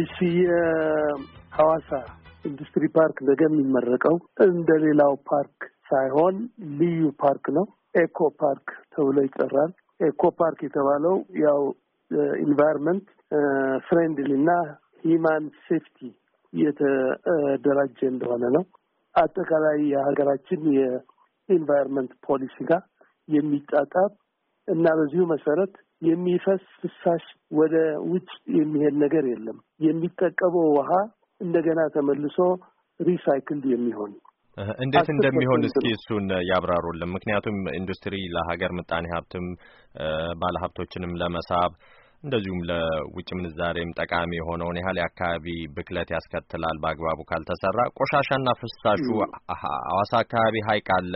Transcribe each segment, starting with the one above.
እሺ የሐዋሳ ኢንዱስትሪ ፓርክ ነገ የሚመረቀው እንደ ሌላው ፓርክ ሳይሆን ልዩ ፓርክ ነው። ኤኮ ፓርክ ተብሎ ይጠራል። ኤኮ ፓርክ የተባለው ያው ኢንቫይሮንመንት ፍሬንድሊ እና ሂማን ሴፍቲ የተደራጀ እንደሆነ ነው። አጠቃላይ የሀገራችን የኢንቫይሮንመንት ፖሊሲ ጋር የሚጣጣም እና በዚሁ መሰረት የሚፈስ ፍሳሽ ወደ ውጭ የሚሄድ ነገር የለም። የሚጠቀመው ውሃ እንደገና ተመልሶ ሪሳይክልድ የሚሆን እንዴት እንደሚሆን እስኪ እሱን ያብራሩልን። ምክንያቱም ኢንዱስትሪ ለሀገር ምጣኔ ሀብትም ባለሀብቶችንም ለመሳብ እንደዚሁም ለውጭ ምንዛሬም ጠቃሚ የሆነውን ያህል የአካባቢ ብክለት ያስከትላል በአግባቡ ካልተሰራ። ቆሻሻና ፍሳሹ አዋሳ አካባቢ ሀይቅ አለ።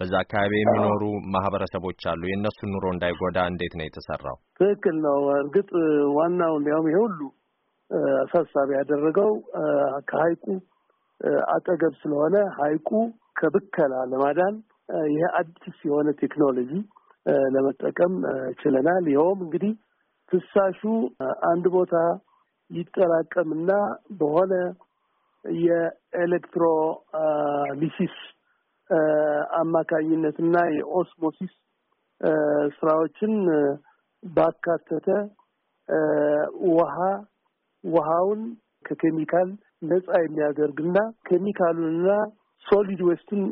በዛ አካባቢ የሚኖሩ ማህበረሰቦች አሉ። የእነሱን ኑሮ እንዳይጎዳ እንዴት ነው የተሰራው? ትክክል ነው። እርግጥ ዋናው እንዲያውም ይሄ ሁሉ አሳሳቢ ያደረገው ከሀይቁ አጠገብ ስለሆነ ሀይቁ ከብከላ ለማዳን ይሄ አዲስ የሆነ ቴክኖሎጂ ለመጠቀም ችለናል። ይኸውም እንግዲህ ፍሳሹ አንድ ቦታ ይጠራቀምና በሆነ የኤሌክትሮሊሲስ አማካኝነትና የኦስሞሲስ ስራዎችን ባካተተ ውሃ ውሃውን ከኬሚካል ነጻ የሚያደርግና ኬሚካሉንና ሶሊድ ዌስትን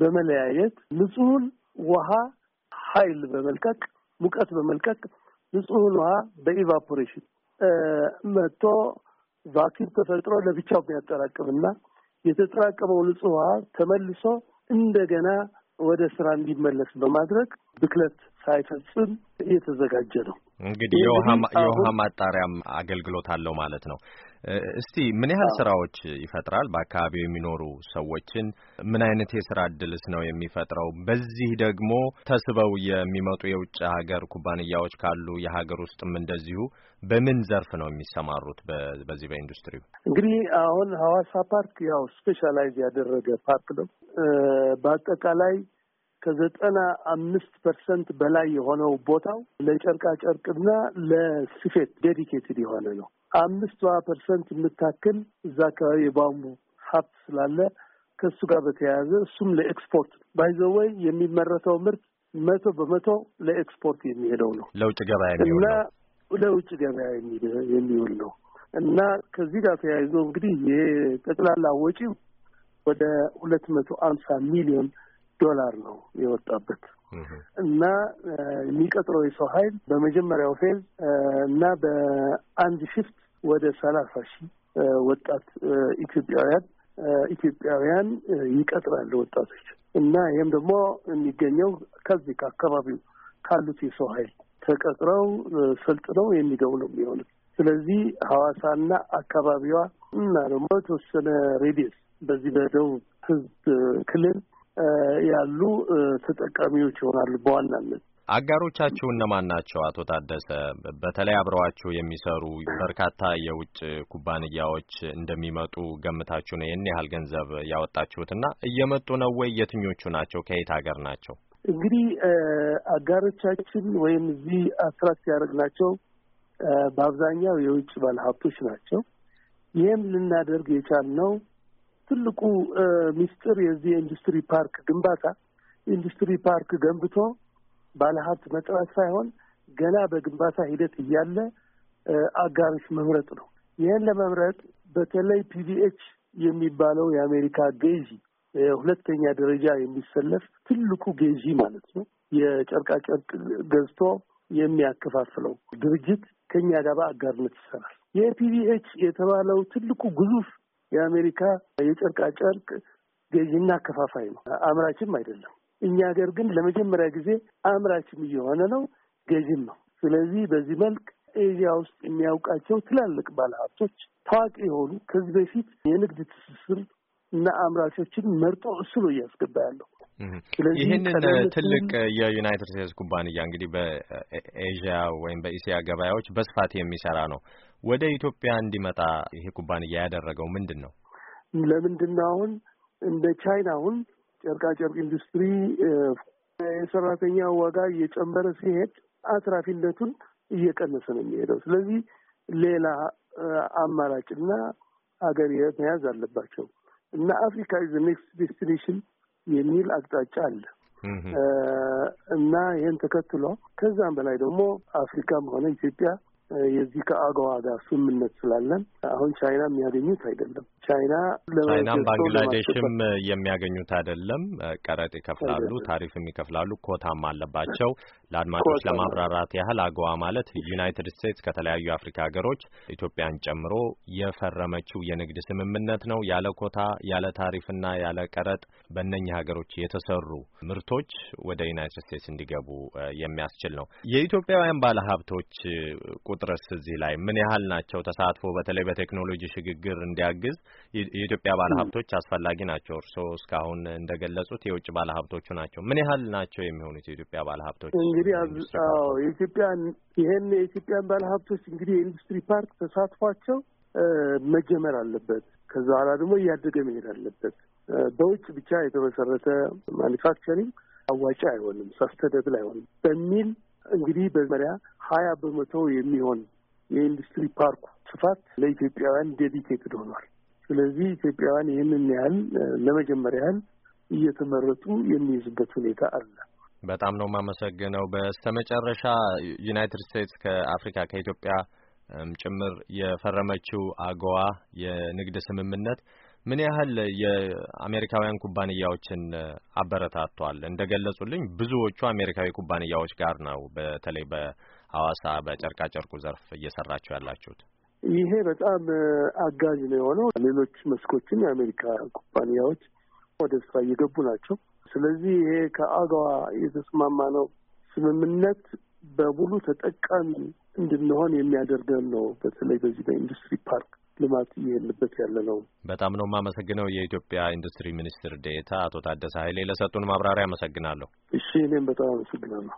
በመለያየት ንጹህን ውሃ ኃይል በመልቀቅ ሙቀት በመልቀቅ ንጹህን ውሃ በኢቫፖሬሽን መጥቶ ቫኪም ተፈጥሮ ለብቻው የሚያጠራቅምና የተጠራቀመው ንጹህ ውሃ ተመልሶ እንደገና ወደ ስራ እንዲመለስ በማድረግ ብክለት ሳይፈጽም እየተዘጋጀ ነው። እንግዲህ የውሃ ማጣሪያም አገልግሎት አለው ማለት ነው። እስቲ ምን ያህል ስራዎች ይፈጥራል? በአካባቢው የሚኖሩ ሰዎችን ምን አይነት የስራ እድልስ ነው የሚፈጥረው? በዚህ ደግሞ ተስበው የሚመጡ የውጭ ሀገር ኩባንያዎች ካሉ የሀገር ውስጥም እንደዚሁ በምን ዘርፍ ነው የሚሰማሩት? በዚህ በኢንዱስትሪው እንግዲህ አሁን ሀዋሳ ፓርክ ያው ስፔሻላይዝ ያደረገ ፓርክ ነው። በአጠቃላይ ከዘጠና አምስት ፐርሰንት በላይ የሆነው ቦታው ለጨርቃ ጨርቅና ለስፌት ዴዲኬትድ የሆነ ነው። አምስቷ ፐርሰንት የምታክል እዛ አካባቢ የባምቡ ሀብት ስላለ ከእሱ ጋር በተያያዘ እሱም ለኤክስፖርት ባይዘወይ የሚመረተው ምርት መቶ በመቶ ለኤክስፖርት የሚሄደው ነው። ለውጭ ገበያ እና ለውጭ ገበያ የሚውል ነው እና ከዚህ ጋር ተያይዞ እንግዲህ ጠቅላላ ወጪው ወደ ሁለት መቶ አምሳ ሚሊዮን ዶላር ነው የወጣበት እና የሚቀጥረው የሰው ኃይል በመጀመሪያው ፌዝ እና በአንድ ሽፍት ወደ ሰላሳ ሺህ ወጣት ኢትዮጵያውያን ኢትዮጵያውያን ይቀጥራል ወጣቶች እና ይህም ደግሞ የሚገኘው ከዚህ ከአካባቢው ካሉት የሰው ኃይል ተቀጥረው ሰልጥነው የሚገቡ ነው የሚሆኑት። ስለዚህ ሐዋሳና አካባቢዋ እና ደግሞ የተወሰነ ሬዲየስ በዚህ በደቡብ ህዝብ ክልል ያሉ ተጠቃሚዎች ይሆናሉ በዋናነት። አጋሮቻችሁ እነማን ናቸው? አቶ ታደሰ፣ በተለይ አብረዋችሁ የሚሰሩ በርካታ የውጭ ኩባንያዎች እንደሚመጡ ገምታችሁ ነው ይህን ያህል ገንዘብ ያወጣችሁትና፣ እየመጡ ነው ወይ? የትኞቹ ናቸው? ከየት ሀገር ናቸው? እንግዲህ አጋሮቻችን ወይም እዚህ አትራክት ያደረግናቸው በአብዛኛው የውጭ ባለሀብቶች ናቸው። ይህም ልናደርግ የቻልነው ትልቁ ሚስጥር የዚህ የኢንዱስትሪ ፓርክ ግንባታ ኢንዱስትሪ ፓርክ ገንብቶ ባለሀብት መጥራት ሳይሆን ገና በግንባታ ሂደት እያለ አጋሮች መምረጥ ነው። ይህን ለመምረጥ በተለይ ፒቪኤች የሚባለው የአሜሪካ ገዢ ሁለተኛ ደረጃ የሚሰለፍ ትልቁ ገዢ ማለት ነው። የጨርቃጨርቅ ገዝቶ የሚያከፋፍለው ድርጅት ከእኛ ጋር በአጋርነት ይሰራል። የፒቪኤች የተባለው ትልቁ ግዙፍ የአሜሪካ የጨርቃጨርቅ ገዢና አከፋፋይ ነው፣ አምራችም አይደለም። እኛ ሀገር ግን ለመጀመሪያ ጊዜ አምራችም እየሆነ ነው፣ ገዢም ነው። ስለዚህ በዚህ መልክ ኤዥያ ውስጥ የሚያውቃቸው ትላልቅ ባለሀብቶች ታዋቂ የሆኑ ከዚህ በፊት የንግድ ትስስር እና አምራቾችን መርጦ እሱ ነው እያስገባ ያለው። ይህንን ትልቅ የዩናይትድ ስቴትስ ኩባንያ እንግዲህ በኤዥያ ወይም በኢስያ ገበያዎች በስፋት የሚሰራ ነው። ወደ ኢትዮጵያ እንዲመጣ ይሄ ኩባንያ ያደረገው ምንድን ነው? ለምንድን ነው አሁን እንደ ቻይና አሁን ጨርቃጨርቅ ኢንዱስትሪ የሰራተኛ ዋጋ እየጨመረ ሲሄድ አትራፊነቱን እየቀነሰ ነው የሚሄደው። ስለዚህ ሌላ አማራጭና ሀገር መያዝ አለባቸው እና አፍሪካ ኢዝ ኔክስት ዴስቲኔሽን የሚል አቅጣጫ አለ እና ይህን ተከትሎ ከዛም በላይ ደግሞ አፍሪካም ሆነ ኢትዮጵያ የዚህ ከአገዋ ጋር ስምምነት ስላለን አሁን ቻይና የሚያገኙት አይደለም። ቻይና ቻይናም ባንግላዴሽም የሚያገኙት አይደለም። ቀረጥ ይከፍላሉ፣ ታሪፍም ይከፍላሉ፣ ኮታም አለባቸው። ለአድማጮች ለማብራራት ያህል አገዋ ማለት ዩናይትድ ስቴትስ ከተለያዩ የአፍሪካ ሀገሮች ኢትዮጵያን ጨምሮ የፈረመችው የንግድ ስምምነት ነው። ያለ ኮታ፣ ያለ ታሪፍና ያለ ቀረጥ በእነኚህ ሀገሮች የተሰሩ ምርቶች ወደ ዩናይትድ ስቴትስ እንዲገቡ የሚያስችል ነው። የኢትዮጵያውያን ባለሀብቶች ቁጥርስ እዚህ ላይ ምን ያህል ናቸው? ተሳትፎ በተለይ በቴክኖሎጂ ሽግግር እንዲያግዝ የኢትዮጵያ ባለሀብቶች አስፈላጊ ናቸው። እርስዎ እስካሁን እንደገለጹት የውጭ ባለሀብቶቹ ናቸው። ምን ያህል ናቸው የሚሆኑት የኢትዮጵያ ባለሀብቶች? እንግዲህ የኢትዮጵያን ይሄን የኢትዮጵያን ባለሀብቶች እንግዲህ የኢንዱስትሪ ፓርክ ተሳትፏቸው መጀመር አለበት። ከዛ በኋላ ደግሞ እያደገ መሄድ አለበት። በውጭ ብቻ የተመሰረተ ማኒፋክቸሪንግ አዋጭ አይሆንም፣ ሰስተደብል አይሆንም በሚል እንግዲህ በመሪያ ሀያ በመቶ የሚሆን የኢንዱስትሪ ፓርኩ ስፋት ለኢትዮጵያውያን ዴዲኬትድ ሆኗል። ስለዚህ ኢትዮጵያውያን ይህንን ያህል ለመጀመሪያ ያህል እየተመረጡ የሚይዙበት ሁኔታ አለ። በጣም ነው የማመሰግነው። በስተመጨረሻ ዩናይትድ ስቴትስ ከአፍሪካ ከኢትዮጵያ ጭምር የፈረመችው አጎዋ የንግድ ስምምነት ምን ያህል የአሜሪካውያን ኩባንያዎችን አበረታቷል? እንደገለጹልኝ ብዙዎቹ አሜሪካዊ ኩባንያዎች ጋር ነው በተለይ በሐዋሳ በጨርቃጨርቁ ዘርፍ እየሰራችሁ ያላችሁት? ይሄ በጣም አጋዥ ነው የሆነው። ሌሎች መስኮችም የአሜሪካ ኩባንያዎች ወደ ስራ እየገቡ ናቸው። ስለዚህ ይሄ ከአገዋ የተስማማ ነው ስምምነት በሙሉ ተጠቃሚ እንድንሆን የሚያደርገን ነው። በተለይ በዚህ በኢንዱስትሪ ፓርክ ልማት እየሄድንበት ያለ ነው። በጣም ነው የማመሰግነው የኢትዮጵያ ኢንዱስትሪ ሚኒስትር ዴኤታ አቶ ታደሰ ኃይሌ ለሰጡን ማብራሪያ አመሰግናለሁ። እሺ እኔም በጣም አመሰግናለሁ።